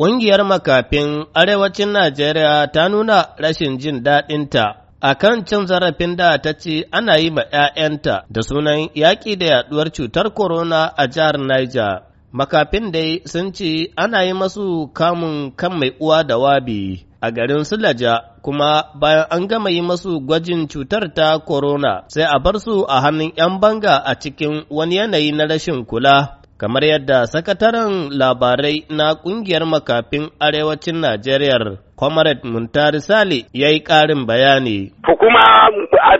Ƙungiyar makafin Arewacin Najeriya ta nuna rashin jin daɗinta a kan cin zarafin da ta ce ana yi ma 'ya'yanta da sunan yaƙi da yaɗuwar cutar korona a jihar Niger. Makafin dai sun ce ana yi masu kamun kan mai uwa da wabi a garin Sulaja kuma bayan an gama yi masu gwajin cutar ta korona, sai a bar su a hannun 'yan banga a cikin wani yanayi na rashin kula. kamar yadda sakataren labarai na ƙungiyar makafin arewacin Najeriya Comrade Muntari Sale ya yi ƙarin bayani. Hukuma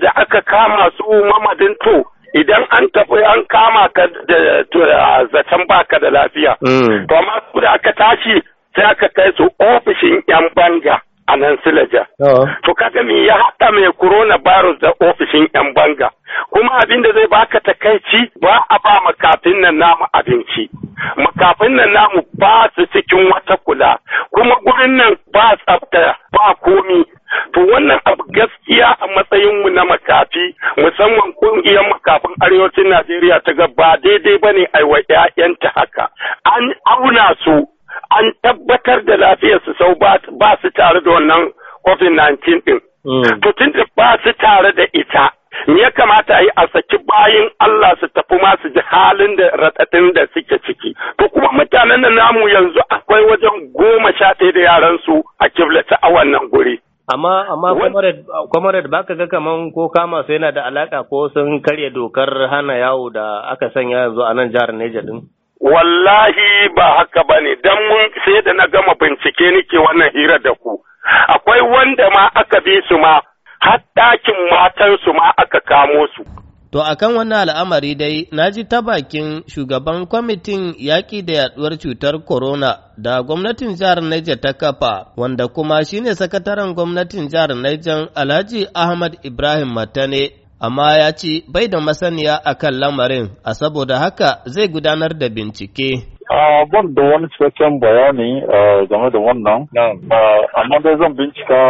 da aka kama su mamadin to idan an tafi an kama ka da zaton baka da lafiya. Mm. To amma da aka tashi sai aka kai su ofishin 'yan banga. a nan Silaja. Oh. To kaga me ya haɗa mai corona virus da ofishin 'yan banga. Kuma abin da zai baka takaici ba a ba makafin nan namu abinci. Makafin nan namu ba su cikin wata kula. Kuma gurin nan ba tsafta ba komi. To wannan abu gaskiya a matsayinmu na makafi musamman kungiyar makafin arewacin Najeriya ta ga ba daidai ba ne aiwa 'ya'yanta haka. An auna su an tabbatar da lafiyarsu sau ba su tare da wannan covid-19 ɗin, hmm. To tun da ba su tare da ita, me ya kamata a yi a saki bayan Allah su tafi masu ji halin da raɗaɗin da suke ciki. To kuma mutanen da namu yanzu akwai wajen goma sha ɗaya da yaransu a kiblata a wannan guri. Amma amma comrade baka ga kaman ko kama su yana da alaƙa ko sun karya dokar hana yawo da aka sanya yanzu a nan jihar Neja din. Wallahi ba haka ba ne, don mun sai da na gama bincike nake wannan hira da ku. Akwai wanda ma aka bi su ma, har ɗakin matansu ma aka kamo su. To a kan wannan al'amari dai, na ji ta bakin shugaban kwamitin yaƙi da yaɗuwar cutar corona da gwamnatin jihar Niger ta kafa, wanda kuma shine sakataren gwamnatin jihar Niger Alhaji Ahmad Ibrahim Matane amma ya ce bai da masaniya a kan lamarin, a saboda haka zai gudanar da bincike. ban da wani cikakken bayani game da wannan amma dai zan bincika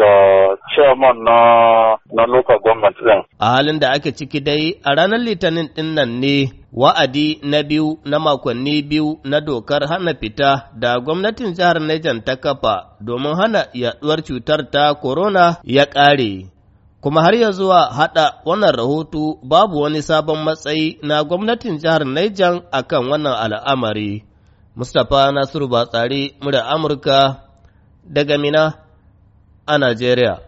da chairman na local government din a halin da ake ciki dai a ranar litinin din nan ne wa'adi na biyu na makonni biyu na dokar hana fita da gwamnatin jihar Niger ta kafa domin hana yaduwar cutar ta corona ya ƙare kuma har ya zuwa haɗa wannan rahoto babu wani sabon matsayi na gwamnatin jihar Niger akan wannan al'amari. Mustapha Nasiru Batsari, murar Amurka, daga Mina a Najeriya.